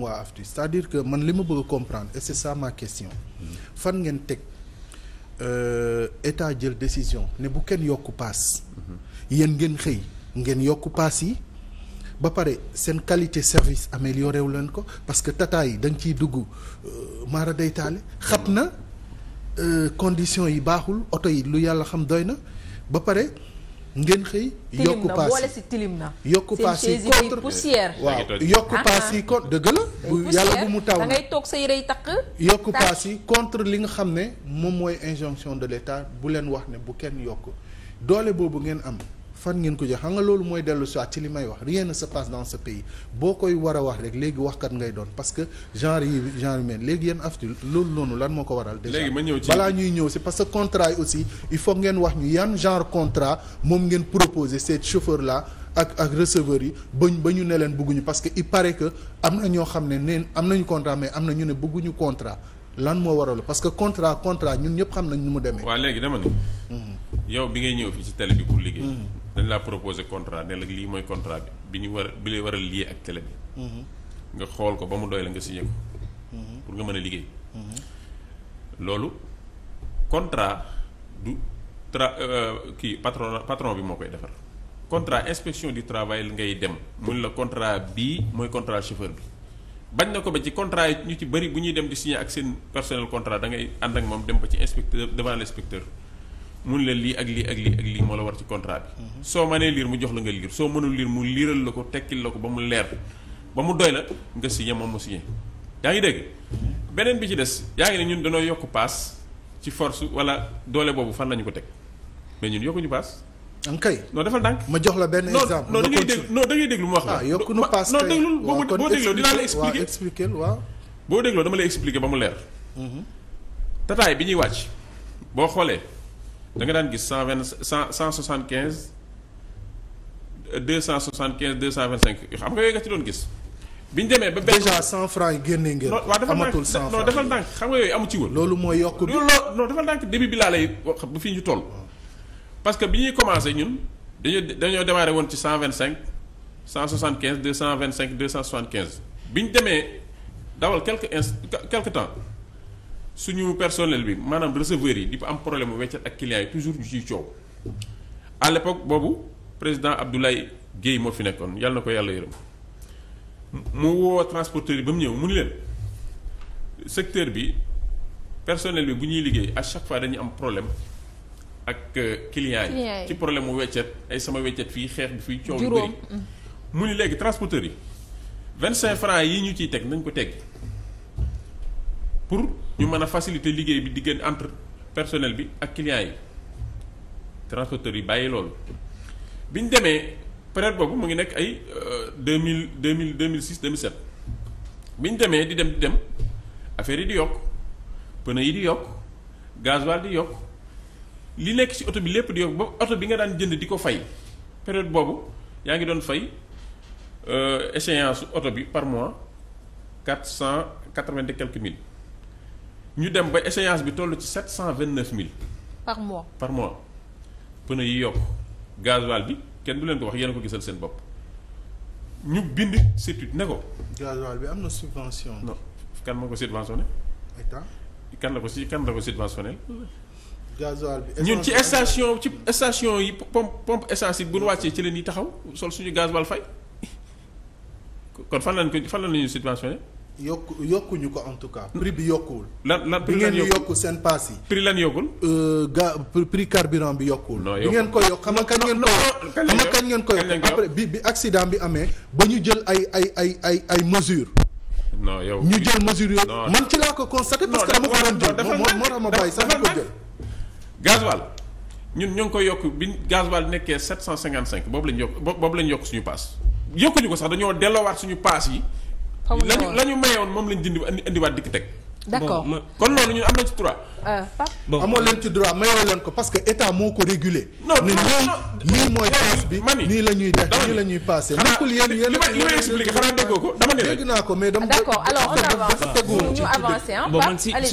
waa AFTU c'est-à-dire que man li ma bëgg a comprendre et c'est ça ma question fan ngeen teg euh, état jël décision ne bu kenn yokk paas yéen ngeen xëy ngeen yokk paas yi ba pare seen qualité service amélioré wu leen ko parce que tata yi da nga ciy dugg euh, maara day taale xat na euh, conditions yi baaxul oto yi lu yàlla xam doy na ba pare ngeen xëy. yokku paas si tilim na. yokku paas yi contre poussière. waaw yokku ah, ah. paas yi contre dëgg la. bu yàlla bu mu taw da ngay toog say yére yi takk. yokku paas yi contre li nga xam ne moom mooy injonction de l' état bu leen wax ne bu kenn yokk doole boobu ngeen am. fan ngeen ko jox xam nga loolu mooy dellu soit ci li wax rien ne se passe dans ce pays boo koy war a wax rek léegi waxkat ngay doon parce que genre yi genre humain léegi yéen afti loolu noonu lan moo ko waral déjà balaa ñuy ñëw si parce que contrat yi aussi il faut ngeen wax ñu yan genre contrat moom ngeen proposer ces chauffeurs là ak ak receveurs yi bañ ba ñu ne leen bëgguñu parce que il paraît que am na ñoo xam ne neen am nañu contrat mais am na ñu ne bëgguñu contrat lan moo waral parce que contrat contrat ñun ñëpp xam nañ ni mu demee. waaw léegi dama ne. Mm-hmm. yow ñëw dañ laa proposer contrat ne la lii mooy contra bi bi ñu war a lay war a lié ak télé bi. Mm-hmm. nga xool ko ba mu doy la nga signé ko. Mm-hmm. pour nga mën a liggéey. Mm-hmm. loolu contrat du tra euh, kii patron patron bi moo koy defar. contrat inspection du travail ngay dem mun la contrat bii mooy contrat chauffeur bi bañ na ko ba ci contrat yi ñu ci bari bu ñuy dem di signé ak seen personnel contrat da ngay ànd ak moom dem ko ci inspecteur devant l' inspecteur. mun la lii ak lii ak lii ak lii moo la war ci contrat bi. Mhm. soo manee liir mu jox la nga liir soo mënul liir mu liiral la ko tekkil la ko ba mu leer ba mu doy la nga signé moom mu signé. yaa ngi dégg mhm. beneen bi ci des yaa ngi ne ñun danoo yokk paas ci force wala doole boobu fan nañu ko teg mais ñun yokkuñu paas. an ah, kay non defal ndànk ma jox la benn exemple non da ngay da ngay déglu mu wax la ah, yokku nu paas non déglul boo dégloo dinaa la expliquer expliquer waaw boo dégloo dama lay expliquer ba mu leer mhm. tataay bi ñuy wàcc boo xoolee da nga daan gis cent vingt cent cent soixante quinze deux cent soixante quinze deux cent vingt cinq xam nga yooyu ci doon gis. bi ñu demee ba benn déjà cent franc yi génne ngeen. amatul cent franc non defal ndànk xam nga yooyu amu ci woon. loolu yokk bi non defal ndànk début bi laa lay ñu toll. parce que bi commencé ñun dañoo dañoo démarré woon ci cent vingt cinq cent soixante quinze deux cent vingt cinq deux cent soixante quinze bi ñu demee dawal quelque inst quelque temps. suñu personnel bi maanaam receveur yi di am problème mu weccat ak clients yi toujours ñu ciy coow à boobu président Abdoulaye Guèye moo fi nekkoon yàlla na ko yàlla yërëm mu woo transporteur yi ba mu ñëw mu ni leen secteur bi personnel bi bu ñuy liggéey à chaque fois dañuy am problème ak euh, clients yi ci problème mu weccet ay sama weccet fii xeex bi fii coow lu bëri mm. mu ni léegi transporteurs yi vingt cinq francs yi ñu ciy teg nañ ko teg pour ñu mën a faciliter liggéey bi diggante entre personnel bi ak clients yi yi bàyyi loolu bi ñu demee période boobu mu ngi nekk ay euh, deux mille deux mille deux mille six deux mille bi ñu demee di dem di dem affaire yi di yokk pneu yi di yokk gasoil di yokk li nekk ci oto bi lépp di yokk ba oto bi nga daan jënd di ko fay période boobu yaa ngi doon fay euh, échéance oto bi par mois quatre cent quatre-vingt et mille. ñu dem ba échéance bi toll ci sept cent vingt neuf mille. par mois par mois. pneu yi yokk gasoil bi kenn du leen ko wax yéen a ko gisal seen bopp ñu bind surtout ne ko. gasoil bi am na subvention. non kan moo ko subventionné. état kan la ko si kan la ko subventionné. ci station station yi pompe pompe essence bu wàccee ci leen yi taxaw sol suñu gasoil fay kon fan lañ ko fan lañ la ñuy yokku yokkuñu ko en tout cas. prix bi yokkuwul. lan lan prix lan ngeen yokku seen paas yi. prix lan yokkul. Euh, ga prix carburant bi yokkuwul. non bi ngeen ko yokk xam nga kañ ngeen ko. kañ ko kañ yokk bi bi accident bi amee ba ñu jël ay ay ay ay ay mesures. non yow ñu jël mesures yooyu. man ko constaté. parce que dama ko doon jël moo moo tax ma ko jël. gasoil ñun ñoo ngi koy yokk bi gasoil nekkee 755 boobu lañ yokk boobu lañ yokk suñu paas yokkuñu ko sax dañoo delloowaat suñu paas yi xaw lañu la ñu mayoon moom lañ dindi indiwaat dikk teg. d'accord kon loolu ñun am nañ ci droit. Euh, bon leen ci droit mayoo leen ko parce que état moo ko réguler. non non nii mooy passe bi nii la ñuy def nii la ñuy passé. nekkul yéen yéen li may expliqué xanaa déggoo ko dama ne la. dégg naa ko mais dama. Ah, d'accord alors on avance ñu avancé ah.